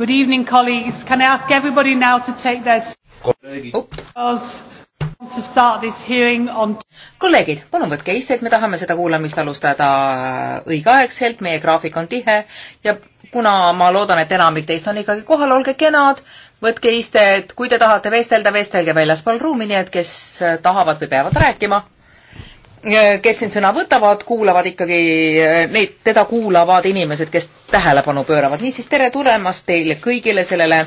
Good evening, colleagues. Can I ask everybody now to take their seats? To start this hearing on... kolleegid, palun võtke istet, me tahame seda kuulamist alustada õigeaegselt, meie graafik on tihe ja kuna ma loodan, et enamik teist on ikkagi kohal, olge kenad, võtke istet, kui te tahate vestelda, vestelge väljaspool ruumi, nii et kes tahavad või peavad rääkima Äh, kes siin sõna võtavad, kuulavad ikkagi äh, neid, teda kuulavad inimesed, kes tähelepanu pööravad. niisiis tere tulemast teile kõigile sellele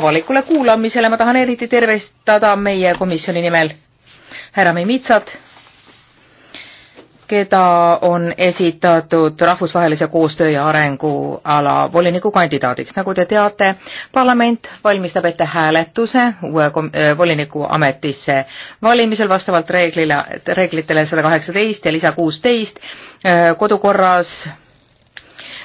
avalikule kuulamisele. ma tahan eriti tervestada meie komisjoni nimel härra Mimitsat, keda on esitatud rahvusvahelise koostöö ja arenguala voliniku kandidaadiks. nagu te teate, parlament valmistab ette hääletuse uue äh, voliniku ametisse valimisel vastavalt reeglile, reeglitele sada kaheksateist ja lisa kuusteist äh, kodukorras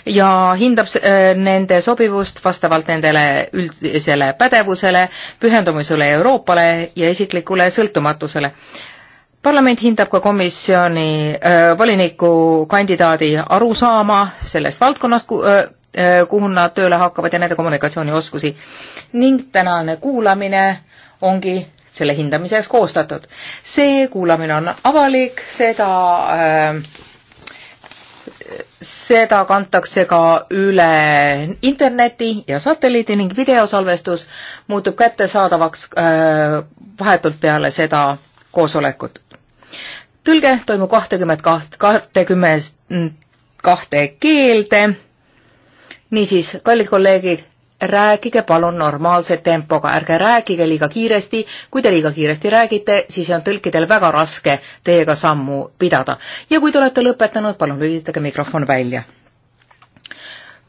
ja hindab äh, nende sobivust vastavalt nendele üldisele pädevusele, pühendumisele Euroopale ja isiklikule sõltumatusele parlament hindab ka komisjoni äh, volinikukandidaadi arusaama sellest valdkonnast ku, äh, äh,, kuhu nad tööle hakkavad ja nende kommunikatsioonioskusi ning tänane kuulamine ongi selle hindamiseks koostatud. see kuulamine on avalik, seda äh, seda kantakse ka üle interneti ja satelliidi ning videosalvestus muutub kättesaadavaks äh, vahetult peale seda koosolekut tõlge toimub kahtekümmet kaht-, kahtekümmend kahte keelde. niisiis, kallid kolleegid, rääkige palun normaalse tempoga, ärge rääkige liiga kiiresti, kui te liiga kiiresti räägite, siis on tõlkidel väga raske teiega sammu pidada. ja kui te olete lõpetanud, palun lülitage mikrofon välja.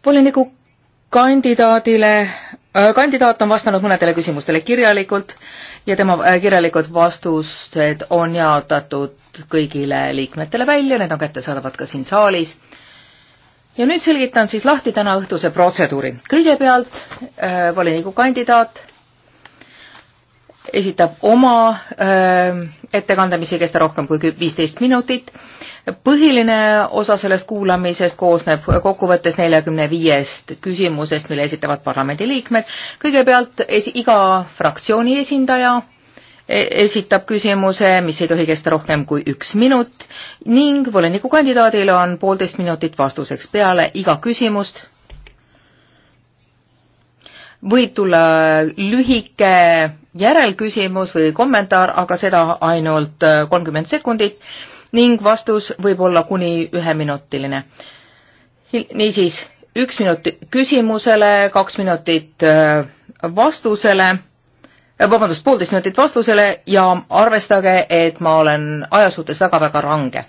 voliniku kandidaadile Äh, kandidaat on vastanud mõnedele küsimustele kirjalikult ja tema äh, kirjalikud vastused on jaotatud kõigile liikmetele välja, need on kättesaadavad ka siin saalis. ja nüüd selgitan siis lahti täna õhtuse protseduuri. kõigepealt äh, voliniku kandidaat esitab oma ähm, ettekande, mis ei kesta rohkem kui viisteist minutit. põhiline osa sellest kuulamisest koosneb kokkuvõttes neljakümne viiest küsimusest, mille esitavad parlamendiliikmed. kõigepealt esi-, iga fraktsiooni esindaja e-, esitab küsimuse, mis ei tohi kesta rohkem kui üks minut ning volinikukandidaadil on poolteist minutit vastuseks peale iga küsimust. võib tulla lühike järelküsimus või kommentaar, aga seda ainult äh, kolmkümmend sekundit ning vastus võib olla kuni üheminutiline. niisiis, üks minut küsimusele, kaks minutit äh, vastusele, äh, vabandust, poolteist minutit vastusele ja arvestage, et ma olen aja suhtes väga-väga range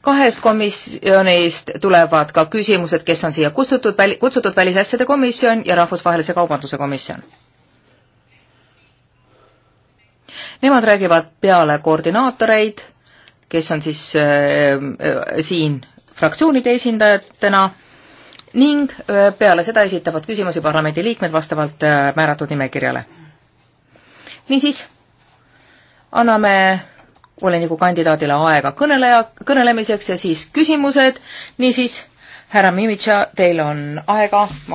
kahest komisjonist tulevad ka küsimused, kes on siia kustutud, kutsutud Välisasjade Komisjon ja Rahvusvahelise Kaubanduse Komisjon Nemad räägivad peale koordinaatoreid, kes on siis äh, äh, siin fraktsioonide esindajatena ning äh, peale seda esitavad küsimusi parlamendi liikmed vastavalt äh, määratud nimekirjale. niisiis, anname voliniku kandidaadile aega kõneleja, kõnelemiseks ja siis küsimused, niisiis härra Mimitša, teil on aega